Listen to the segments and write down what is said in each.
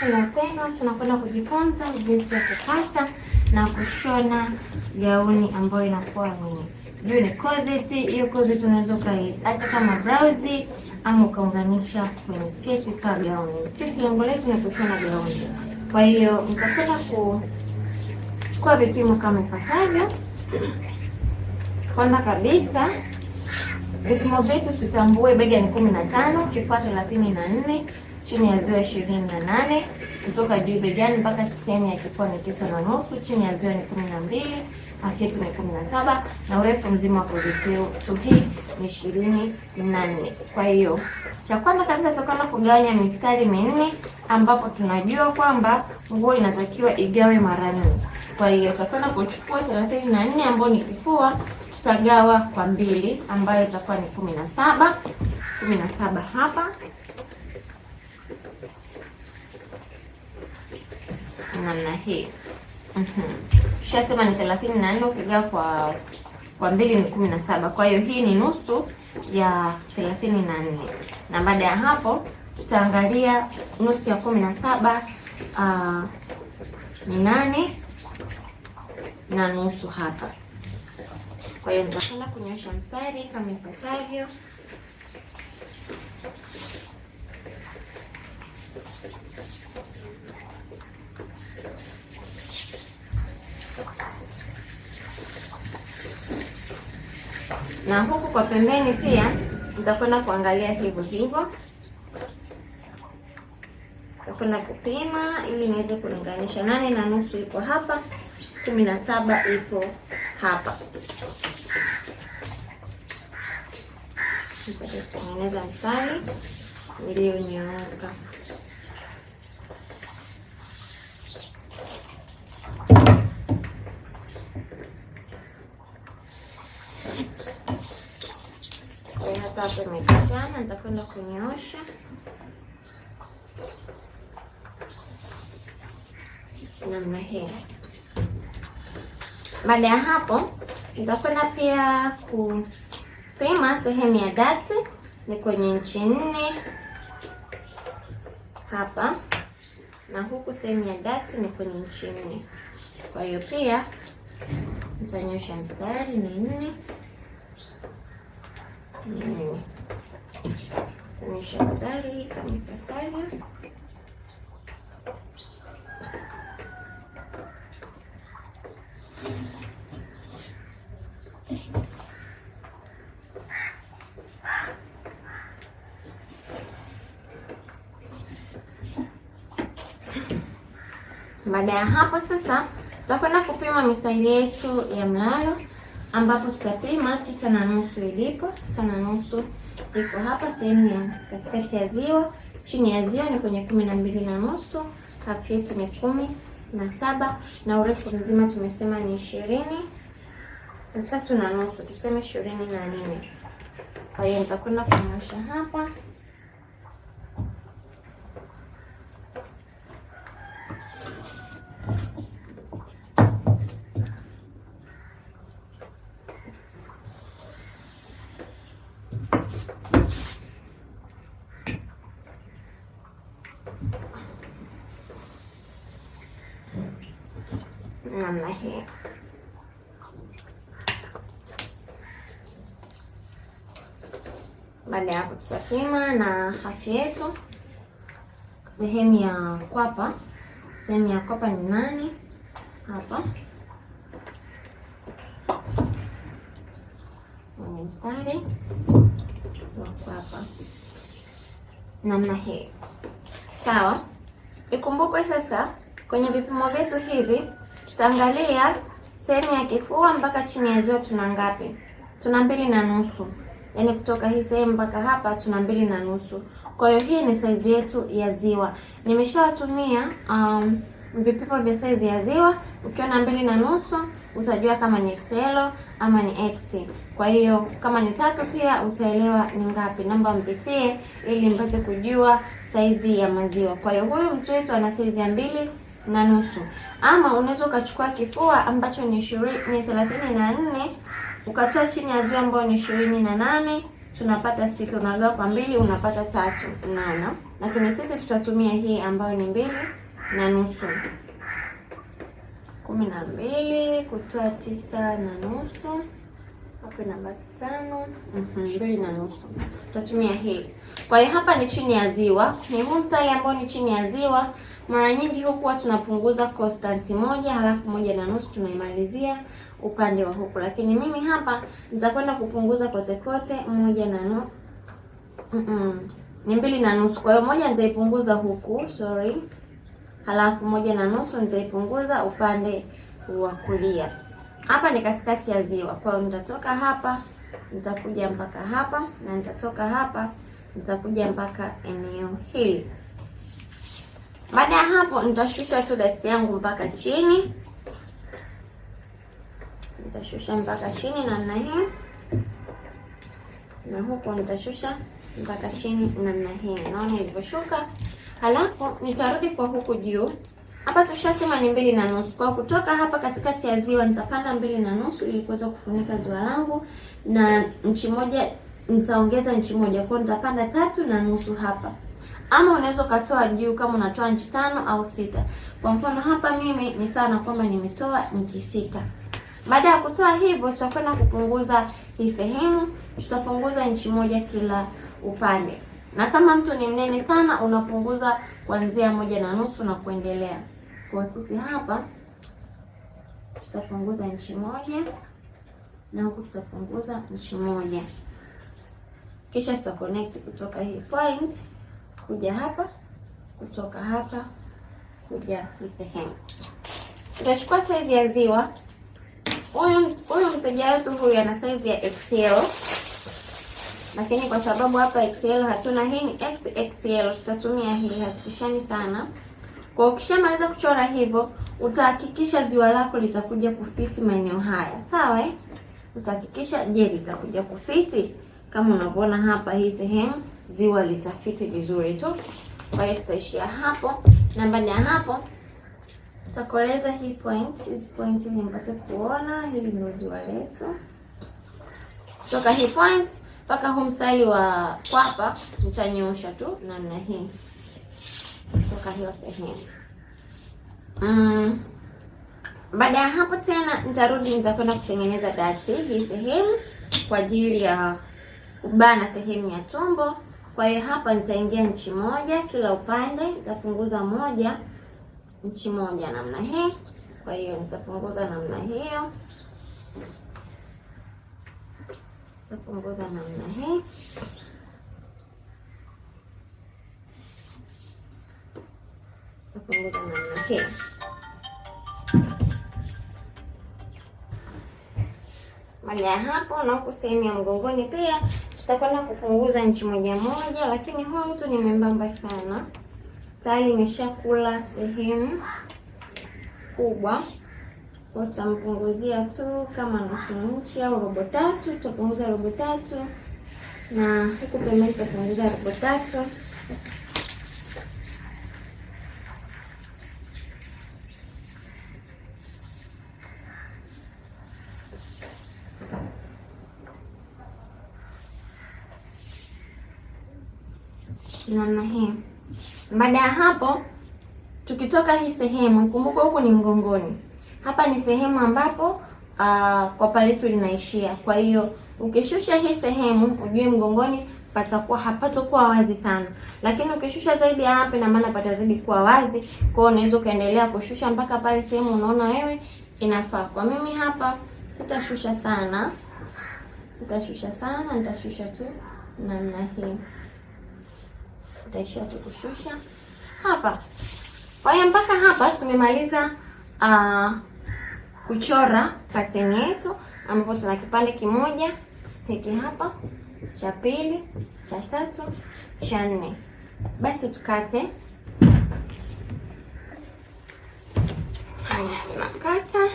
Wapendwa, tunakwenda kujifunza jinsi ya kupata na kushona gauni ambayo inakuwa ni juu ni closet. Hiyo closet unaweza ukaiacha kama blauzi ama ukaunganisha kwenye sketi kama gauni. Sisi lengo letu ni kushona gauni, kwa hiyo nitakwenda kuchukua vipimo kama ifuatavyo. Kwanza kabisa vipimo vyetu tutambue, bega ni kumi na tano, kifua thelathini na nne chini ya ziwa ishirini na nane kutoka Jubejani mpaka sehemu ya kifua ni tisa na nusu chini ya ziwa ni kumi na mbili hafifu ni kumi na saba na urefu mzima wa kozitu hii ni ishirini na nne Kwa hiyo cha kwanza kabisa tutakwenda kugawanya mistari minne, ambapo tunajua kwamba nguo inatakiwa igawe mara nne. Kwa hiyo tutakwenda kuchukua thelathini na nne ambayo ni kifua, tutagawa kwa mbili ambayo itakuwa ni kumi na saba kumi na saba hapa namna hii tushasema mhm. ni thelathini na nne ukigawa kwa kwa mbili ni kumi na saba. Kwa hiyo hii ni nusu ya thelathini na nne, na baada ya hapo tutaangalia nusu ya kumi na saba ah, ni nane na nusu hapa. Kwa hiyo nitakwenda kunyoosha mstari kama ifuatavyo. na huku kwa pembeni pia nitakwenda kuangalia hivyo hivyo, nitakwenda kupima ili niweze kulinganisha. Nane na nusu iko hapa, kumi na saba ipo hapa. Nipate kutengeneza mstari ulionyooka. sana, nitakwenda kunyoosha namna hii. Baada ya hapo, nitakwenda pia kupima sehemu ya dati, ni kwenye inchi nne hapa na huku sehemu ya dati ni kwenye inchi nne. Kwa hiyo pia nitanyosha mstari ni nne ni nne. Там еще оставили, там Baada ya hapo sasa tutakwenda kupima mistari yetu ya mlalo ambapo tutapima tisa na nusu ilipo tisa na nusu iko hapa sehemu ya katikati ya ziwa, chini ya ziwa ni kwenye kumi na mbili na nusu hafu yetu ni kumi na saba na urefu mzima tumesema ni ishirini na tatu na nusu tuseme ishirini na nne. Kwa hiyo nitakwenda kunyoosha hapa. namna hii. Baada ya hapo, tutapima na hafi yetu sehemu ya kwapa. Sehemu ya kwapa ni nani hapa? kwenye mstari wako hapa namna hii, sawa. Ikumbukwe sasa kwenye vipimo vyetu hivi tutaangalia sehemu ya kifua mpaka chini ya ziwa tuna ngapi? Tuna mbili na nusu, yaani kutoka hii sehemu mpaka hapa tuna mbili na nusu. Kwa hiyo hii ni saizi yetu ya ziwa. Nimeshawatumia um, vipimo vya saizi ya ziwa. Ukiona mbili na nusu utajua kama ni selo ama ni x. Kwa hiyo kama ni tatu pia utaelewa ni ngapi, namba mpitie ili mpate kujua saizi ya maziwa. Kwa hiyo huyu mtu wetu ana saizi ya mbili na nusu, ama unaweza ukachukua kifua ambacho ni ishirini thelathini na nne ukatoa chini ya ziwa ambayo ni ishirini na nane tunapata sita, unagawa kwa mbili unapata tatu nana, lakini sisi tutatumia hii ambayo ni mbili na nusu kumi na mbili kutoa tisa na nusu hapo namba tano mbili mhm, na nusu tutatumia hii. Kwa hiyo hapa ni chini ya ziwa, ni huu mstari ambao ni chini ya ziwa. Mara nyingi hukuwa tunapunguza constant moja halafu moja na nusu tunaimalizia upande wa huku, lakini mimi hapa nitakwenda kupunguza kote kote moja na nusu mm -mm. ni mbili na nusu. Kwa hiyo moja nitaipunguza huku, sorry, halafu moja na nusu nitaipunguza upande wa kulia. Hapa ni katikati ya ziwa, kwa hiyo nitatoka hapa nitakuja mpaka hapa na nitatoka hapa nitakuja mpaka eneo hili. Baada ya hapo, nitashusha tu dati yangu mpaka chini, nitashusha mpaka chini namna hii, na huko nitashusha mpaka chini namna hii, naona ilivyoshuka. Halafu nitarudi kwa huku juu. Hapa tushasema ni mbili na nusu. Kwa kutoka hapa katikati ya ziwa nitapanda mbili na nusu ili kuweza kufunika ziwa langu, na nchi moja nitaongeza nchi moja, kwa nitapanda tatu na nusu hapa, ama unaweza ukatoa juu kama unatoa nchi tano au sita. Kwa mfano hapa mimi ni sawa na kwamba nimetoa nchi sita. Baada ya kutoa hivyo, tutakwenda kupunguza hii sehemu, tutapunguza nchi moja kila upande na kama mtu ni mnene sana unapunguza kuanzia moja na nusu na kuendelea. Kwa sisi hapa tutapunguza nchi moja na huku tutapunguza nchi moja, kisha tuta connect kutoka hii point kuja hapa, kutoka hapa kuja hii sehemu. Tutachukua saizi ya ziwa. Huyu mteja wetu huyu ana saizi ya XL lakini kwa sababu hapa Excel hatuna, hii ni XXL, tutatumia hii, hazipishani sana. Kwa ukishamaliza kuchora hivyo, utahakikisha ziwa lako litakuja kufiti maeneo haya, sawa eh? Utahakikisha je, litakuja kufiti kama unavyoona hapa, hii sehemu ziwa litafiti vizuri tu. Kwa hiyo tutaishia hapo, na baada ya hapo tutakoleza hii point, hizi point ili mpate kuona hili ndio ziwa letu kutoka hii point mpaka home mstari wa kwapa nitanyosha tu namna hii kutoka hiyo sehemu mm. Baada ya hapo tena nitarudi, nitakwenda kutengeneza dati hii sehemu kwa ajili ya kubana sehemu ya tumbo. Kwa hiyo hapa nitaingia nchi moja kila upande, nitapunguza moja nchi moja namna hii. Kwa hiyo nitapunguza namna hiyo. Napunguza namna hii. punguza namna hii. Baada ya hapo, na huku sehemu ya mgongoni pia tutakwenda kupunguza nchi moja moja, lakini huyu mtu ni membamba sana, tayari imeshakula sehemu kubwa. Utampunguzia tu kama nusu nchi au robo tatu, utapunguza robo tatu, na huku pembeni utapunguza robo tatu. namna hii. Baada ya hapo, tukitoka hii sehemu, kumbuka huku ni mgongoni hapa ni sehemu ambapo uh, kwa tu linaishia. Kwa hiyo ukishusha hii sehemu, ujue mgongoni patakuwa hapatakuwa wazi sana, lakini ukishusha zaidi ya hapa, ina maana patazidi kuwa wazi. Kwa hiyo unaweza ukaendelea kushusha mpaka pale sehemu unaona wewe inafaa. Kwa mimi hapa sitashusha sana, sitashusha sana, nitashusha tu namna hii, nitaishia tu kushusha hapa. Kwa hiyo mpaka hapa tumemaliza uh, kuchora pattern yetu, ambapo tuna kipande kimoja hiki hapa, cha pili, cha tatu, cha nne. Basi tukate tunakata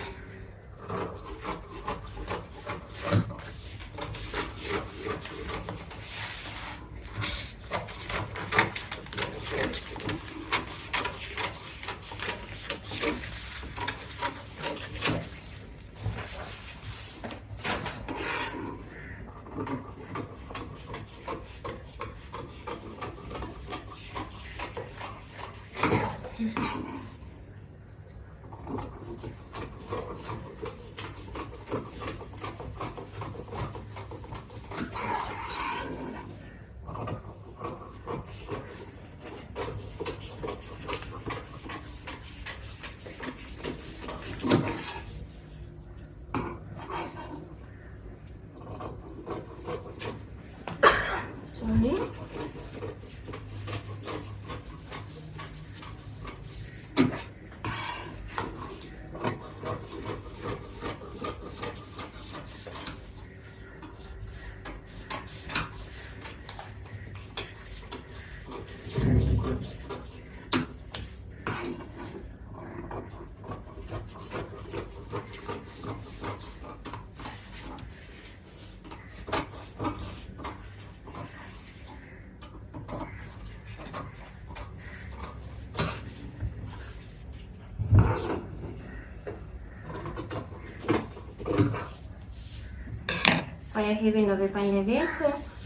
haya, hivi ndo vipande vyetu.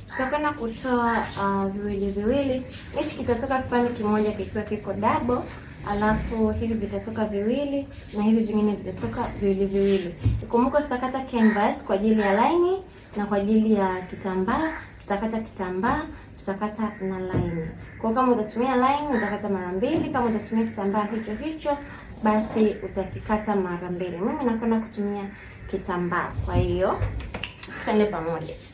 Tutakwenda kutoa uh, viwili viwili. Hichi kitatoka kipande kimoja kikiwa kiko double, alafu hivi vitatoka viwili na hivi vingine vitatoka viwili viwili. Kumbuka tutakata canvas kwa ajili ya laini na kwa ajili ya kitambaa. Tutakata kitambaa, tutakata na laini. Kwa kama utatumia laini utakata mara mbili, kama utatumia kitambaa hicho hicho basi utakikata mara mbili. Mimi nakwenda kutumia kitambaa, kwa hiyo கண்டிப்பாக முடியும்